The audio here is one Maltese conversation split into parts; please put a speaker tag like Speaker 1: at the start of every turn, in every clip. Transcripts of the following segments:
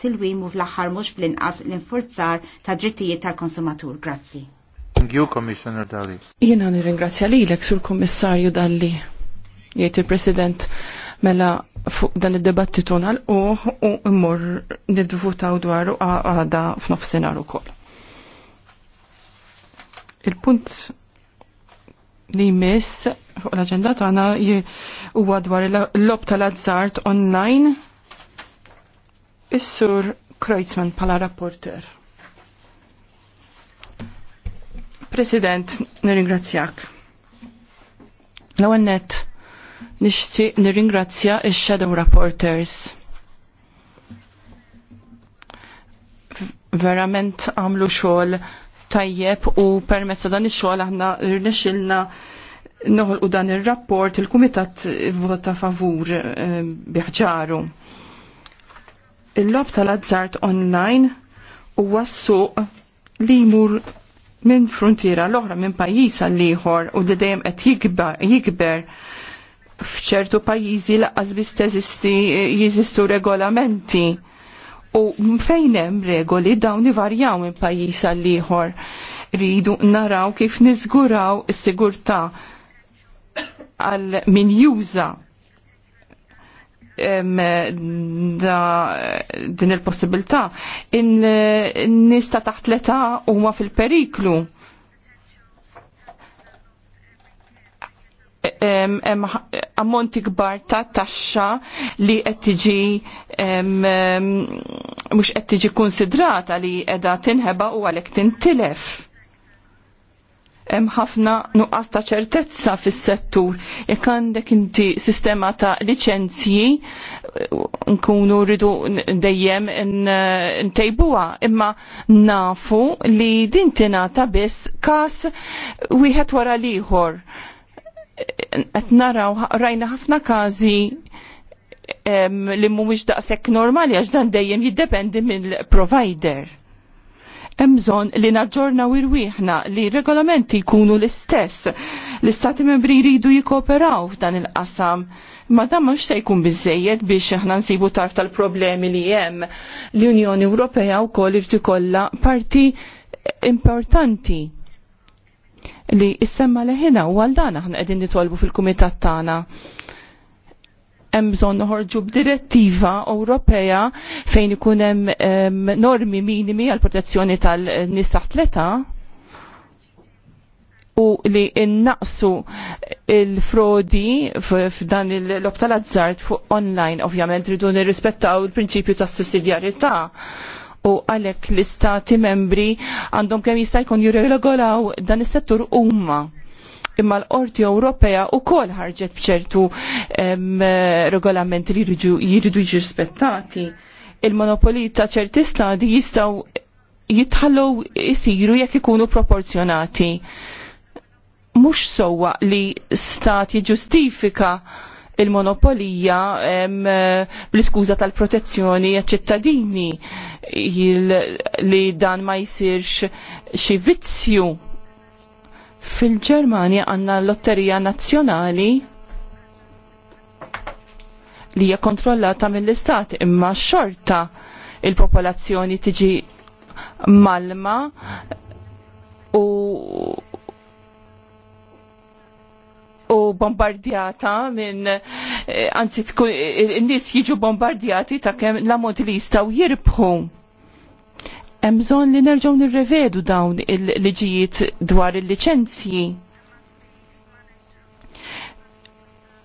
Speaker 1: tilwim u fl-aħħar mhux bl-inqas l-infurzar ta' drittijiet tal-konsumatur. Grazzi. Thank you, Commissioner Dalli. Jiena nirringrazzja lilek sur Kommissarju Dalli, jgħid il-President mela fuq dan id-debattitu nagħlqu u mmur nidvutaw dwaru għada f'nofsinhar ukoll. Il-punt li jmiss fuq l-aġenda tagħna huwa dwar l-lob tal-azzart online Is-sur Kreutzmann pala rapporter. President, nirringrazzjak. L-ewwel nett nixtieq nirringrazzja ix-shadow rapporters. Verament għamlu xogħol tajjeb u permezz dan ix-xogħol aħna rnexxilna noħolqu dan ir-rapport il-kumitat vota favur eh, biħġaru il-lob tal-azzart online huwa wassu li jmur minn frontiera l-oħra minn pajjiż għal ieħor u li dejjem qed jikber f'ċertu pajjiżi laqqas biss teżisti jeżistu regolamenti. U fejn hemm regoli dawn ivarjaw minn pajjiż għal ieħor. Ridu naraw kif niżguraw is-sigurtà għal min juża din il-possibilità in nista taħt l-età huma fil-periklu. ammonti kbar ta' taxxa li qed tiġi mhux qed tiġi konsidrata li qiegħda tinħeba u għalhekk tintilef hemm ħafna nuqqas ta' ċertezza fis-settur. Jekk għandek inti sistema ta' liċenzji nkunu rridu dejjem ntejbuha, imma nafu li din tingħata biss każ wieħed wara l-ieħor. Qed naraw rajna ħafna każi li mhumiex daqshekk normali għax dan dejjem jiddependi mill-provider Emżon li naġġorna wirwiħna li regolamenti jkunu l-istess. L-istati membri jridu jikoperaw f'dan il-qasam. Ma dan mhux se jkun biżejjed biex aħna nsibu tarf tal-problemi li hemm. L-Unjoni Ewropea wkoll irid ikollha parti importanti li issemma leħina u għal dan aħna qegħdin nitolbu fil-kumitat tagħna hemm bżonn noħorġu b'direttiva Ewropea fejn ikun hemm normi minimi għal protezzjoni tal-nies taħt l-età u li innaqsu il-frodi f'dan l-lob tal-azzard fuq online, ovvjament ridu nirrispettaw il-prinċipju tas sussidjarità u għalhekk l-istati membri għandhom kemm jista' jkun jirregolaw dan is-settur huma imma l-Qorti Ewropea wkoll ħarġet bċertu regolamenti li jridu jiġu rispettati. Il-monopoli ta' ċerti stadi jistgħu jitħallu jisiru jekk ikunu proporzjonati. Mhux sewwa li stat jiġġustifika il-monopolija bl-iskuża tal-protezzjoni ċittadini li dan ma jsirx xi vizzju Fil-Ġermanja għandna l-Lotterija Nazzjonali li hija kontrollata mill-istat imma xorta il-popolazzjoni tiġi malma u u bombardjata minn eh, anzi tkun in-nies jiġu bombardjati ta' kemm l-ammont li jistgħu jirbħu. Hemm bżonn li nerġgħu nirrevedu dawn il-liġijiet dwar il-liċenzji.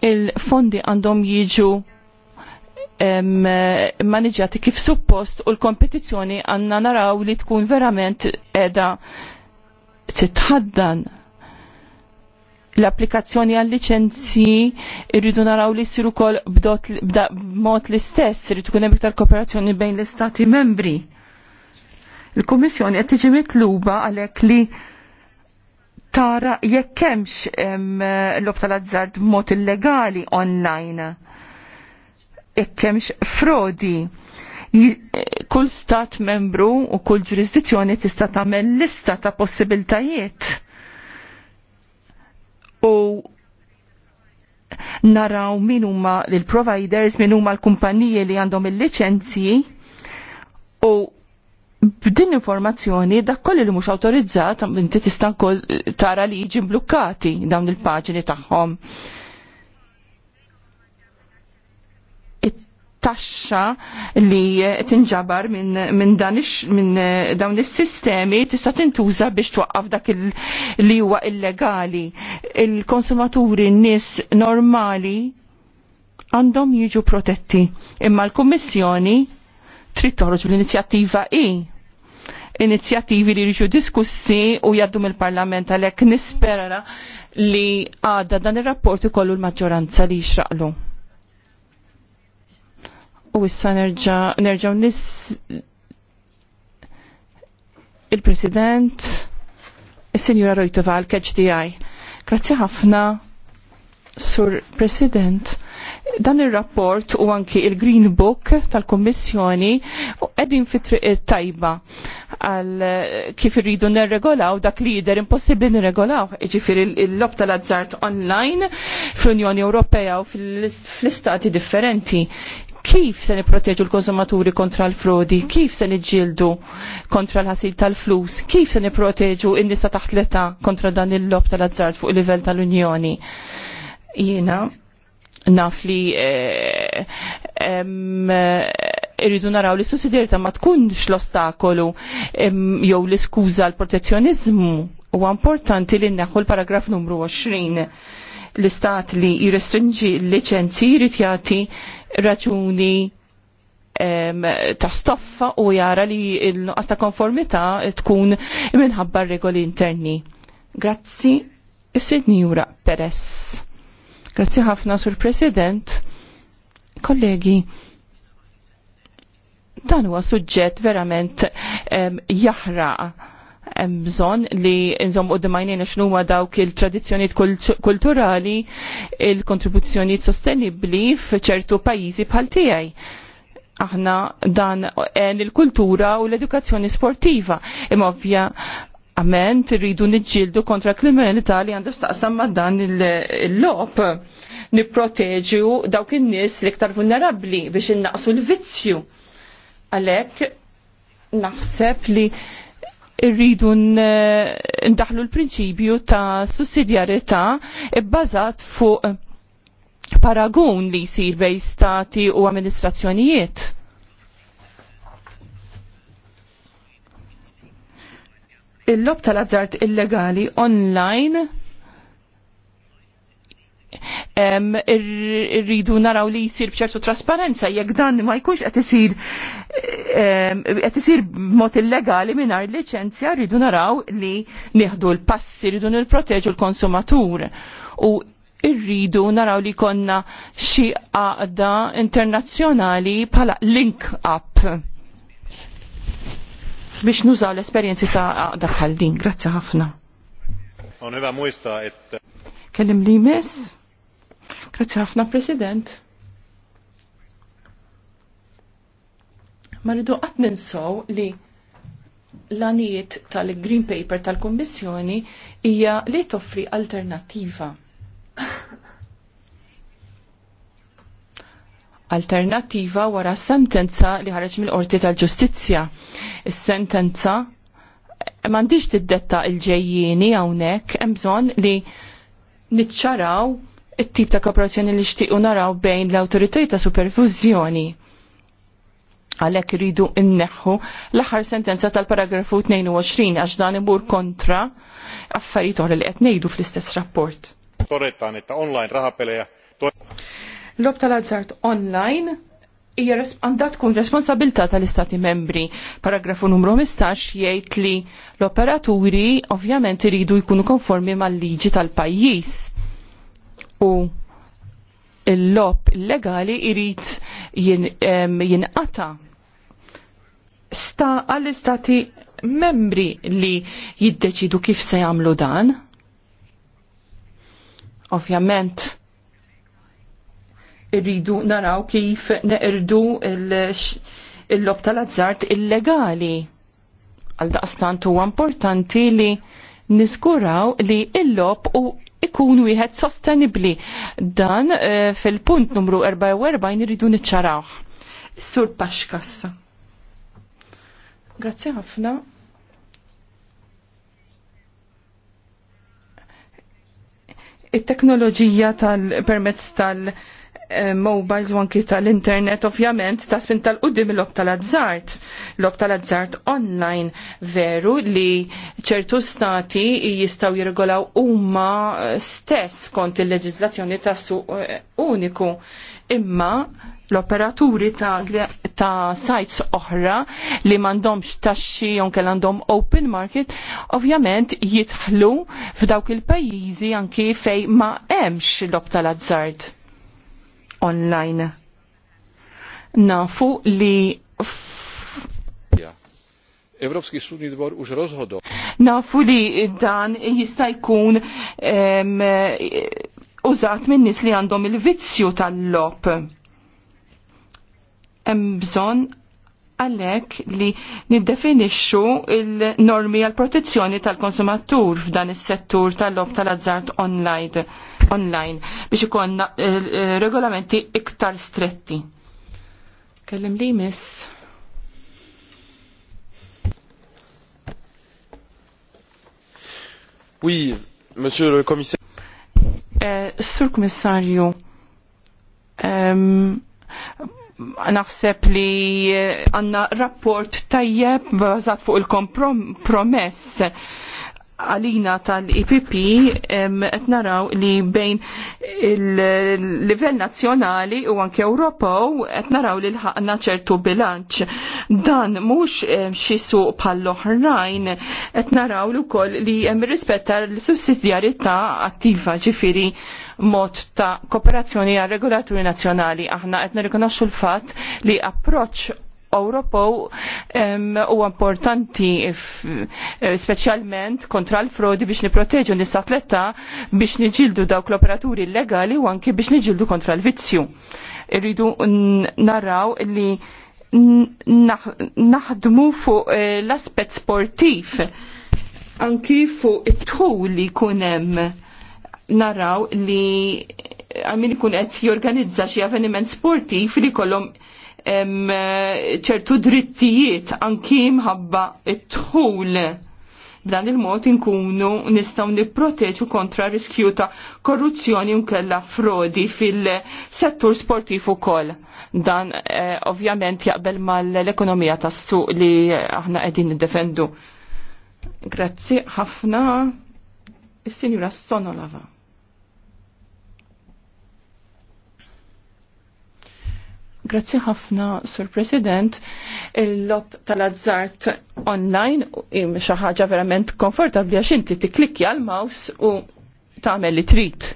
Speaker 1: Il-fondi għandhom jiġu maniġati kif suppost u l-kompetizzjoni għanna naraw li tkun verament edha titħaddan l-applikazzjoni għal licenzji irridu naraw li siru kol b'mod l-istess, irridu kunem iktar kooperazzjoni bejn l-istati membri Il-Kummissjoni qed tiġi mitluba għalhekk li tara jekk hemmx l-lob tal-azzard b'mod illegali online. Jekk hemmx frodi. Eh, kull stat membru u kull ġurisdizzjoni tista' tagħmel lista ta' possibiltajiet. U naraw min huma l-providers, min huma l-kumpaniji li għandhom il-liċenzji u b'din informazzjoni dak kolli li mhux awtorizzat inti tista' wkoll eh, tara li jiġi mblukkati dawn il paġni tagħhom. taxxa li eh, tinġabar minn min dan min eh, dawn is-sistemi tista' tintuża biex twaqqaf dak li huwa illegali. Il-konsumaturi, n-nies normali għandhom jiġu protetti. Imma l-Kummissjoni trid toħroġ l-inizjattiva i inizjattivi li jiġu diskussi u jaddu mill-Parlament għalhekk nispera li għadha dan ir-rapport ikollu l-maġġoranza li jixraqlu. U issa nerġgħu nis il-President il-Sinjura Rojtova għal-KHDI. Grazzi ħafna. Sur President, dan il-rapport u anki il-Green Book tal-Kommissjoni edin fitri tajba għal kif irridu nirregolaw dak li jider impossibbli nirregolaw. Ġifiri l-lob tal-azzart online fl-Unjoni Ewropea u fl-istati differenti kif se niproteġu l-konsumaturi kontra l-frodi, kif se niġġieldu kontra l-ħasil tal-flus, kif se niproteġu n-nisa taħt l-età kontra dan il-lob tal azzart fuq il-livell tal-Unjoni. Jiena naf li eh, em, irridu naraw li sussidjerita ma tkunx l-ostakolu jew l-iskuża l-protezzjonizmu huwa importanti li nneħħu l-paragraf numru 20 l-istat li jirrestringi l-licenzi jrid jagħti raġuni ta' stoffa u jara li l-nuqqas ta' konformità tkun minħabba regoli interni. Grazzi, is-Sinjura Peress. Grazzi ħafna sur President, kollegi Dan huwa suġġett verament jaħraq bżon li nżom u d-majnina xnuma dawk il-tradizjoniet kulturali, il-kontribuzzjoniet sostenibli f'ċertu pajizi bħal tiegħi. Aħna dan il-kultura u l-edukazzjoni sportiva. Imma ovvja Ament, rridu nġildu kontra kriminalità li għandu staqsam ma dan il-lop. Niproteġu dawk in-nies l-iktar vulnerabli biex innaqsu l-vizzju Għalek, naħseb li irridu ndaħlu l-prinċipju ta' sussidjarità bbażat fuq paragun li jsir bej stati u amministrazzjonijiet. Il-lob tal-azzart illegali online irridu naraw li jisir bċertu trasparenza jekk dan ma jkunx qed isir qed isir b'mod illegali mingħajr liċenzja rridu naraw li nieħdu l-passi rridu nipproteġu l-konsumatur u irridu naraw li konna xi għaqda internazzjonali bħala link up biex nużaw l-esperjenzi ta' għaqda bħal din. Grazzi ħafna. Kellim li miss? Grazzi ħafna, President. Ma rridu qatt ninsow li l-anijiet tal-Green Paper tal-Kommissjoni hija li toffri alternattiva. Alternattiva wara sentenza li ħareġ mill-Qorti tal-Ġustizzja. Is-sentenza m'għandix tiddetta l ġejjieni hawnhekk hemm bżonn li niċċaraw it-tip ta' kooperazzjoni li xtiqu naraw bejn l-autoritaj ta' supervizjoni. Għalhekk iridu nneħħu l-aħħar sentenza tal-paragrafu 22 għax dan imur kontra affarijiet oħra li qed ngħidu fl-istess rapport. Todetaan, että online Lob tal-azzart online hija għandha tkun responsabilità tal-Istati membri. Paragrafu numru 15 jgħid li l-operaturi ovvjament iridu jkunu konformi mal-liġi tal-pajjiż u l lob illegali irrit jinqata sta għall-istati membri li jiddeċidu kif se jagħmlu dan. Ovvjament, irridu naraw kif neqirdu il-lob tal-azzart illegali. Għal daqstant huwa importanti li niskuraw li il-lob u ikun wieħed sostenibli. Dan eh, fil-punt numru 44 irridu niċċarawh. Sur Paxkassa. Grazzi ħafna. it-teknoloġija tal-permezz tal-, -permezz tal Eh, mobiles u anki tal-internet ovvjament ta' spin tal-qudiem l-ob tal-azzart. L-ob tal-azzart online veru li ċertu stati jistaw jirgolaw huma eh, stess kont il-leġizlazzjoni ta' suq eh, uniku. Imma l-operaturi ta', ta sites oħra li mandomx taxxi jonke għandhom open market, ovvjament jitħlu f'dawk il-pajjiżi anki fej ma' hemmx l-ob tal-azzart online. Nafu li Evropski Sudni Dvor už rozhodol. Nafu li dan jista' jkun użat minn nies li għandhom il-vizzju tal-lop. Hemm bżonn għalek li niddefinixxu il-normi għal protezzjoni tal-konsumatur f'dan is-settur tal-lob tal-azzart online online biex ikonna eh, eh, regolamenti iktar stretti. Kellim li miss. Oui, monsieur le commissaire. Eh, sur commissario, naħseb li eh, għanna rapport tajjeb bazat fuq il-kompromess. -prom għalina tal-IPP qed naraw li bejn il level nazzjonali u anke Ewropew qed naraw li l ħakna ċertu bilanċ. Dan mhux xi suq bħall-oħrajn qed naraw li wkoll li hemm rispetta l sussidjarjetà attiva ġifieri mod ta' kooperazzjoni għal regolaturi nazzjonali aħna qed nirrikonoxxu l-fatt li approċċ Ewropew huwa importanti eh, speċjalment kontra l-frodi biex niproteġu l biex niġildu dawk l-operaturi illegali u anki biex niġildu kontra l-vizzju. Irridu naraw li naħdmu fuq eh, l-aspet sportiv anki fuq it-tħul li kunem naraw li eh, għamin ikun qed jorganizza xi avveniment sportiv li kollhom ċertu drittijiet anki mħabba it-tħul b'dan il-mod inkunu nistaw nipproteġu kontra riskju ta' korruzzjoni nkella frodi fil-settur sportiv ukoll. Dan eh, ovvjament jaqbel mal-ekonomija tas-suq li aħna qegħdin niddefendu. Grazzi ħafna. Is-Sinjura Sonolava. Grazzi ħafna, Sur President. Il-lob tal-azzart online xi ħaġa verament komfortabbli għax inti tiklikki għal maus u tagħmel li trid.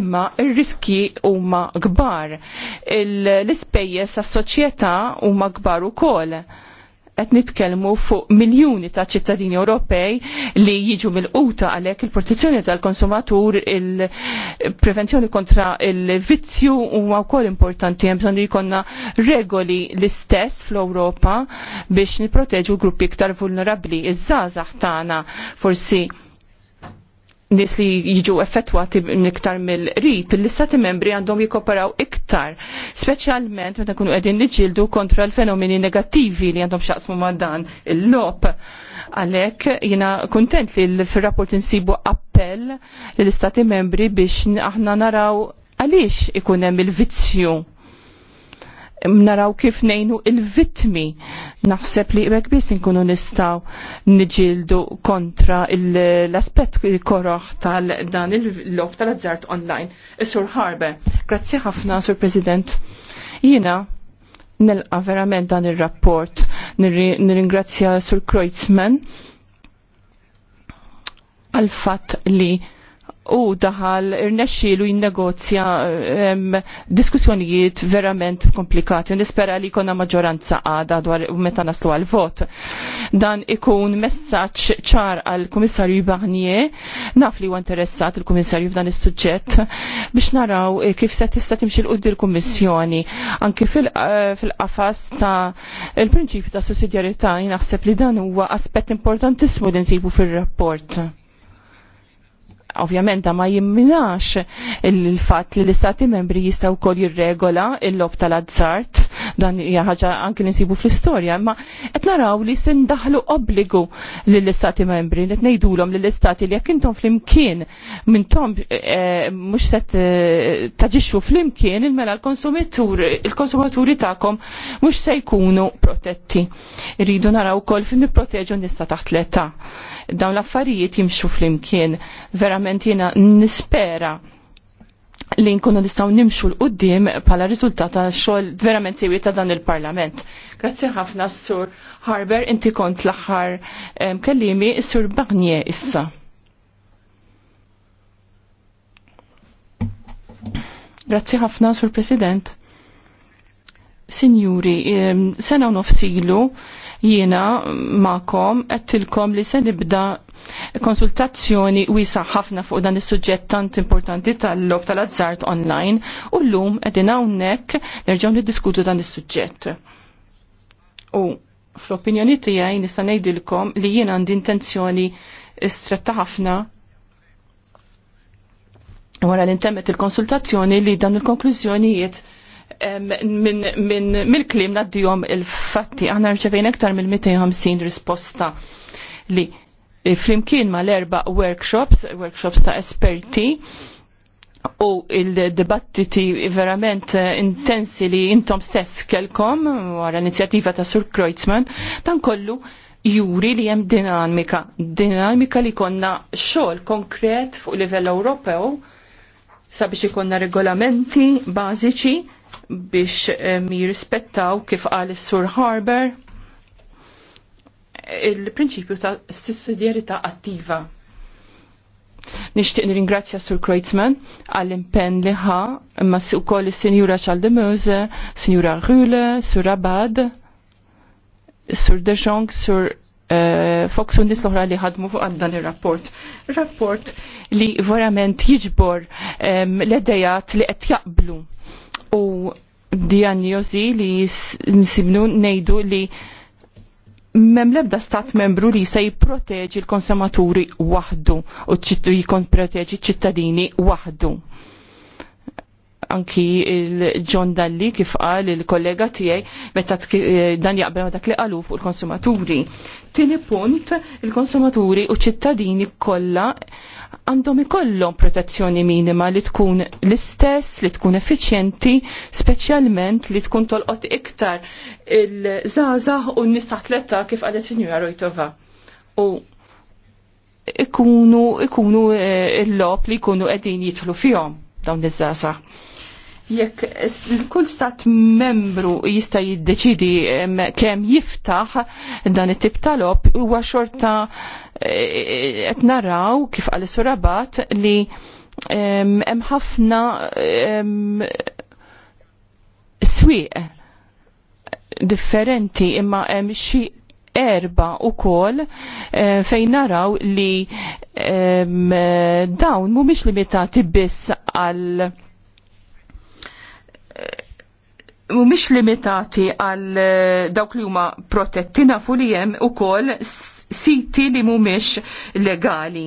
Speaker 1: Imma ir-riski huma kbar. L-ispejjeż għas-soċjetà huma kbar ukoll qed nitkellmu fuq miljuni ta' ċittadini Ewropej li jiġu mill-quta għalhekk il-protezzjoni tal-konsumatur, il-prevenzjoni kontra il-vizzju huwa wkoll importanti hemm bżonn li jkollna regoli l-istess fl-Ewropa biex nipproteġu gruppi iktar vulnerabbli. Iż-żgħażagħ tagħna forsi nis li jiġu effettwati iktar mill rip l-istati membri għandhom jikoperaw iktar, specialment meta kunu għedin nġildu kontra l-fenomeni negattivi li għandhom xaqsmu ma' dan il-lop. Għalek jina kontent li l rapport insibu appell l-istati membri biex aħna naraw għaliex ikunem il-vizzju naraw kif nejnu il-vitmi. Naħseb li ibek biss nkunu nistaw nġildu kontra l-aspet koroħ tal-dan il-lob tal-azzart online. Is-Sur Harber, grazzi ħafna, Sur President. Jina, nelqa verament dan il-rapport, nirringrazzja Sur Kreutzmann għal-fat li u daħal irnexxielu jinnegozja diskussjonijiet verament komplikati. Nispera li jkollna maġġoranza għada dwar meta naslu għal vot. Dan ikun messaġġ ċar għal kummissarju Barnier, naf li huwa interessat il-kummissarju f'dan is-suġġett biex naraw eh, kif se tista' timxi l quddi l-kummissjoni anki eh, fil-qafas ta' il-prinċipju ta' sussidjarità jinaħseb li dan huwa aspett importantissimu li nsibu fir-rapport. Ovvjament ma jimminax il-fatt li l-istati membri jistaw kol jirregola il-lob tal-azzart dan hija ħaġa anke li nsibu fl-istorja, ma qed naraw li se ndaħlu obbligu lill-istati membri, qed ngħidulhom lill-istati li jekk intom flimkien minnhom eh, mhux se eh, taġixxu flimkien il-mela l-konsumatur il-konsumaturi tagħkom mhux se jkunu protetti. Irridu naraw ukoll fin nipproteġu nista taħt l-età. Dawn l-affarijiet jimxu flimkien verament jiena nispera li nkunu nistgħu nimxu l-qudiem bħala riżultat ta' xogħol verament sewi ta' dan il-Parlament. Grazzi ħafna Sur Harber, inti kont l-aħħar kellimi Sur Bagnie issa. Grazzi ħafna Sur President. Signuri, sena nofsilu jiena ma'kom għettilkom li se nibda konsultazzjoni wisa ħafna fuq dan is-suġġett tant importanti tal-lob tal-azzart online u llum qegħdin hawnhekk nerġgħu niddiskutu dan is-suġġett. U fl-opinjoni tiegħi nista' ngħidilkom li jiena għandi intenzjoni stretta ħafna wara li ntemmet il-konsultazzjoni li dan il-konklużjonijiet mill-klim naddijom il-fatti. Għana rċevejn ektar mill-250 risposta li flimkien ma l-erba workshops, workshops ta' esperti, u il-dibattiti verament eh, intensi li intom stess kelkom wara inizjativa ta' Sur Kreutzmann, tan kollu juri li hemm dinamika, dinamika li konna xogħol konkret fuq livell Ewropew sabiex ikonna regolamenti bażiċi biex jirrispettaw kif qal is-Sur Harber il-prinċipju ta' sussidjarità attiva. Nixtieq ringrazzja Sur Kreutzmann għall-impenn li ħa imma wkoll is-Sinjura Chaldemuse, Sinjura Rhule, Sur Abad, Sur Dejong, Sur uh, Fox u nis l-oħra li ħadmu fuq dan ir-rapport. Rapport li verament jiġbor um, l-edejat li qed jaqblu u diagnosi li nsibnu nejdu li mem lebda stat membru li se jipproteġi l-konsumaturi wahdu u proteġi ċittadini wahdu anki il-John Dalli kif qal il-kollega tiegħi meta eh, dan jaqbel ma dak li qalu fuq il-konsumaturi. Tieni punt, il-konsumaturi u ċittadini kollha għandhom ikollhom protezzjoni minima li tkun l-istess, li tkun effiċjenti, speċjalment li tkun tolqot iktar il żazah u n-nisa tletta kif il Sinjura Rojtova. U ikunu, ikunu eh, l-lop li jkunu qegħdin jitlu fjom dawn iż-żasa. Jekk kull stat membru jista' jiddeċidi kemm jiftaħ dan it-tip tal-ob huwa xorta e, qed naraw kif għal surabat li hemm ħafna swieq differenti imma hemm xi erba u kol e, fejn naraw li dawn mhumiex limitati biss għal mhumiex limitati għal eh, dawk li huma protetti nafu li hemm ukoll siti li mhumiex legali.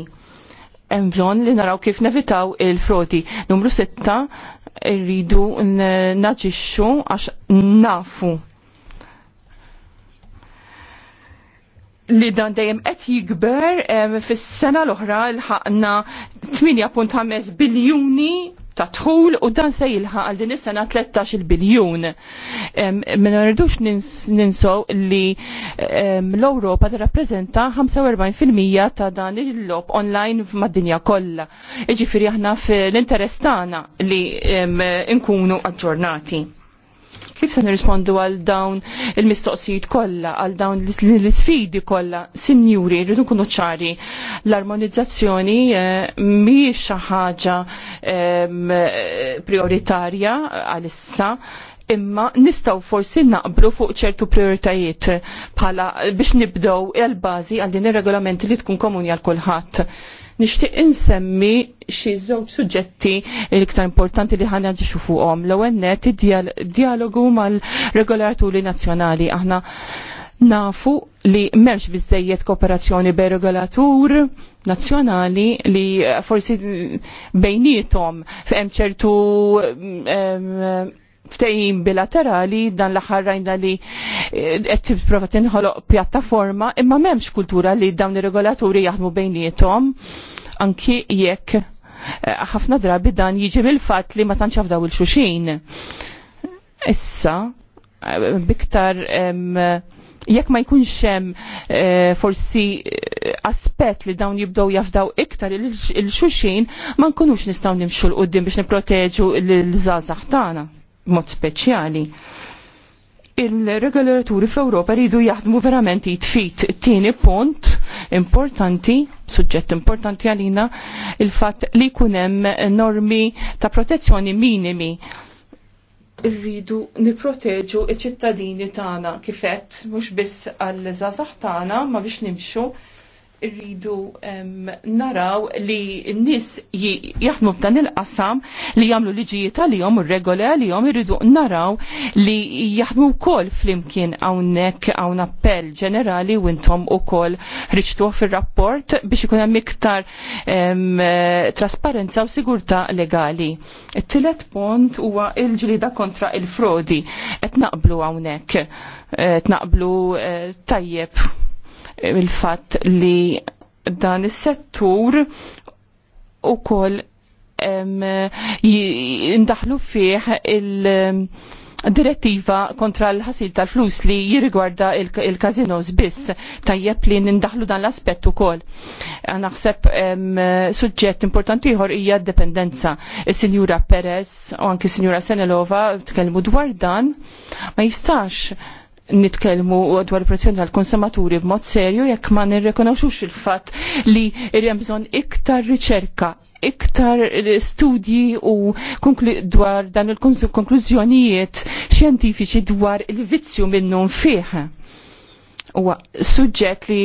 Speaker 1: Hemm bżonn li naraw kif nevitaw il-frodi. Numru sitta rridu naġixxu għax nafu li dan dejjem qed jikber fis-sena l-oħra l-ħaqna 8.5 biljuni ta' tħul u dan se jilħaq għal din is-sena 13 biljun. Ma rridux ninsow li l-Ewropa tirrappreżenta 45% ta' dan il-lob online mad-dinja kollha. Jiġifieri aħna fl-interess tagħna li nkunu aġġornati. Kif se nirrispondu għal dawn il-mistoqsijiet kollha, għal dawn l-isfidi kollha, sinjuri, rridu nkunu ċari, l-armonizzazzjoni eh, mhijiex xi ħaġa ehm, eh, prioritarja għalissa, imma nistaw forsi naqblu fuq ċertu prioritajiet bħala biex nibdow il-bazi għal din ir-regolamenti li tkun komuni għal kulħadd Nixtieq insemmi xi żewġ suġġetti l-iktar importanti li ħana ġixu fuqhom. L-ewwel net id-dialogu mal-regolaturi nazzjonali aħna nafu li m'hemmx biżejjed kooperazzjoni bej regolatur nazzjonali li forsi bejnietom f'hemm ċertu ftejjin bilaterali dan l-aħħar rajna li eh, qed tipprova tinħoloq pjattaforma imma m'hemmx kultura li dawn ir-regolaturi jaħdmu bejniethom anki jekk eh, ħafna drabi dan jiġi mill-fatt li ma tantx daw il-xuxin. Issa eh, biktar jekk ma jkunx hemm forsi aspett li dawn jibdew jafdaw iktar il-xuxin ma nkunux nistgħu nimxu l-qudiem biex nipproteġu l-żgħażagħ tagħna mod speċjali il-regolaturi fl-Europa ridu jaħdmu verament jitfit. Tieni punt importanti, suġġett importanti għalina, il-fat li kunem normi ta' protezzjoni minimi. Irridu niproteġu iċ-ċittadini tagħna kifett mhux biss għall-żazax tagħna ma biex nimxu rridu naraw li n-nis jaħdmu f'dan il-qasam li jagħmlu liġijiet għalihom u regoli għalihom irridu naraw li jaħdmu wkoll flimkien hawnhekk hawn appell ġenerali u intom ukoll riċtuh fir-rapport biex ikun hemm iktar trasparenza u sigurtà legali. It-tielet punt huwa il-ġlida kontra il-frodi qed naqblu hawnhekk, eh, qed naqblu eh, tajjeb il-fatt li dan is-settur ukoll jindaħlu fih il- direttiva kontra l-ħasil tal-flus li jirgwarda il-kazinos biss tajjeb li nindaħlu dan l-aspett ukoll. Naħseb suġġett importanti jħor hija d-dependenza. il sinjura Perez u anki Sinjura Senelova tkellmu dwar dan ma jistax nitkellmu dwar protezzjoni tal-konsumaturi b'mod serju jekk ma nirrekonoxux il-fatt li hemm bżonn iktar riċerka, iktar studji u dwar dan il-konklużjonijiet xjentifiċi dwar il-vizzju minnum fih. Huwa suġġett li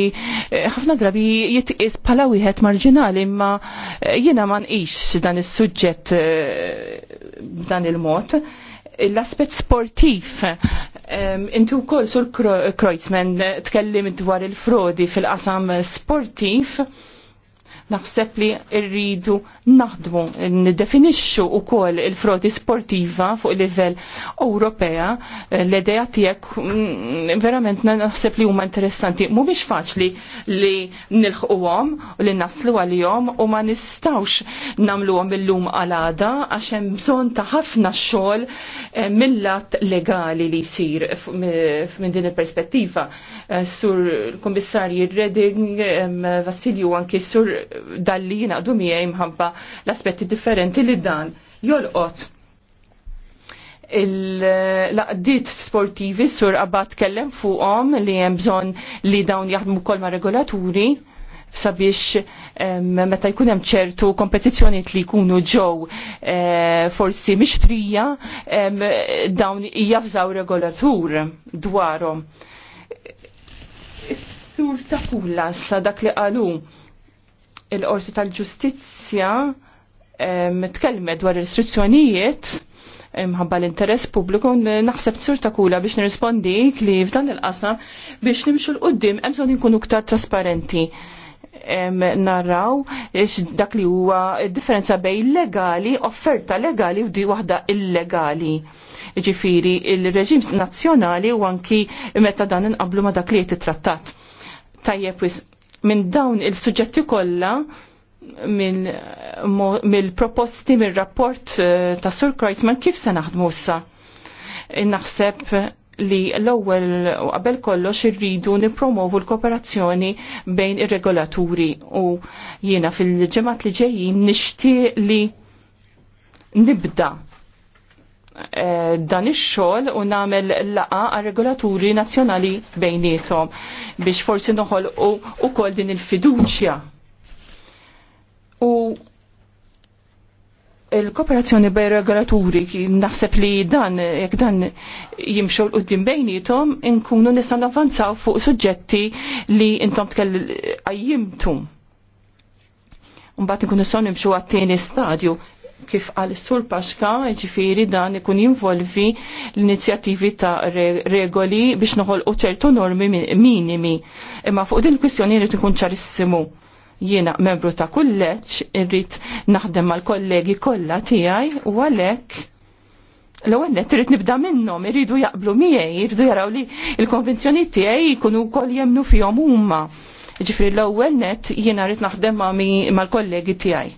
Speaker 1: eh, ħafna drabi jitqis bħala wieħed marġinali imma eh, jiena ma nqix dan is-suġġett eh, b'dan il-mod. il mod l-aspet sportiv. Intu wkoll sur Kreuzman eh, tkellim dwar il-frodi fil-qasam sportiv. Naħseb li rridu naħdmu niddefinixxu wkoll il-frodi sportiva fuq livell Ewropea l-idea tiegħek mm, verament naħseb li huma interessanti. Mhumiex faċli li nilħquhom li naslu għalihom u ma nistgħux nagħmluhom illum għal għada għax hemm bżonn ta' ħafna xogħol eh, mill legali li jsir minn din il-perspettiva. Eh, sur l kummissarji Redding, Vassilju anki sur dalli naqdu miegħi mħabba l-aspetti differenti li dan jolqot il-laqdiet sportivi sur qabad kellem fuqhom li hemm bżonn li dawn jaħdmu wkoll ma' regolaturi sabiex meta jkun hemm ċertu kompetizzjonijiet li jkunu ġew eh, forsi mixtrija dawn jafżaw regolatur dwarhom. Sur ta' kulla sa dak li qalu il-Qorti tal-Ġustizzja tkellmet dwar restrizzjonijiet mħabba l-interess pubbliku naħseb tsur ta' kula biex nirrispondi li f'dan il-qasam biex nimxu l-qoddim emżon nkunu ktar trasparenti narraw dak li huwa differenza bej legali, offerta legali u di waħda illegali. Ġifiri, il-reġim nazzjonali u anki meta dan inqablu ma dak li jtitrattat. Tajjeb, minn dawn il-suġġetti kollha mill-proposti mill proposti mill rapport eh, ta' Sur Kreuzman kif se naħdmu issa. Naħseb li l-ewwel u qabel kollox irridu nippromovu l-kooperazzjoni bejn ir-regolaturi u jiena fil-ġemat li ġejjin nixtieq li nibda Eh, dan ix-xogħol u nagħmel laqa għal regolaturi nazzjonali bejniethom biex forsi noħol u din il-fiduċja. U il-kooperazzjoni bej regolaturi naħseb li dan jekk dan jimxol qudiem bejniethom inkunu nistgħu navvanzaw fuq suġġetti li intom tkell għajjimtu. Mbagħad inkunu son nimxu għat-tieni stadju kif għal sur Paxka, ġifiri dan ikun jinvolvi l-inizjattivi ta' regoli biex noħolqu ċertu normi minimi. Imma fuq din il kwistjoni rrit ikun ċarissimu. Jiena membru ta' kulleċ, rrit naħdem mal-kollegi kollha tiegħi u għalhekk l-ewwel nett irid nibda minnhom, iridu jaqblu miegħi, iridu jaraw li l-konvenzjoni tiegħi jkunu wkoll jemnu fihom huma. Ġifri l-ewwel nett jiena rrit naħdem mal-kollegi tiegħi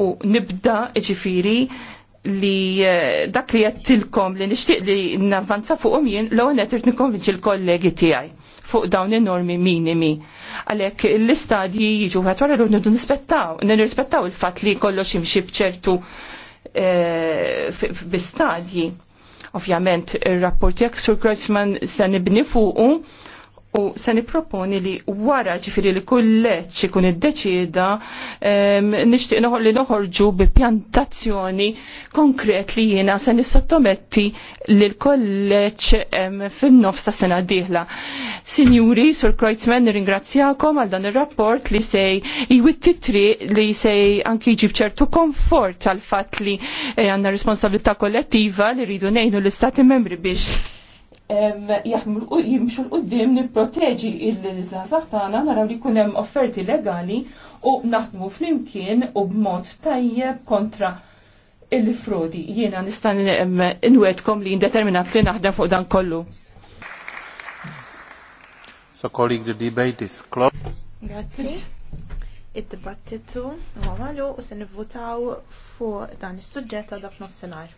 Speaker 1: u nibda ġifiri li eh, dak li jattilkom li nishtiq li navvanza fuq jien l-għon jattirt nikonvinċi l-kollegi tijaj fuq dawn enormi minimi. Għalek l-istadji jiġu għatwara l-għun nispettaw, nirrispettaw il-fat li kollox imxi bċertu eh, bistadji. Ovvjament, il-rapport jek sur Kreuzman se nibni fuqu U se niproponi li wara ġifiri li kulleċ ikun id-deċida nixtieq noħol li noħorġu bi pjantazzjoni konkret li jiena se nissottometti li l fin-nofs nofsa sena dieħla. Sinjuri, Sur Kreutzmann, nirringrazzjakom għal dan ir-rapport li sej jwitt titri li sej anki ġib ċertu komfort għal fatt li eh, għandna responsabilità kollettiva li rridu ngħinu l-Istati membri biex jimxu l-qoddim nipproteġi il-żazax tagħna naraw li jkun hemm offerti legali u naħdmu flimkien u b'mod tajjeb kontra il-frodi. Jiena nista' inwedkom li indeterminat li naħdem fuq dan kollu. So colleague, the debate is closed. Grazie. Id-dibattitu huwa u se nivvutaw fuq dan is-suġġett għadha f'nofsinhar.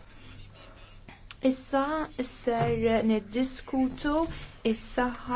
Speaker 1: Issa isser niddiskutu is-saħħa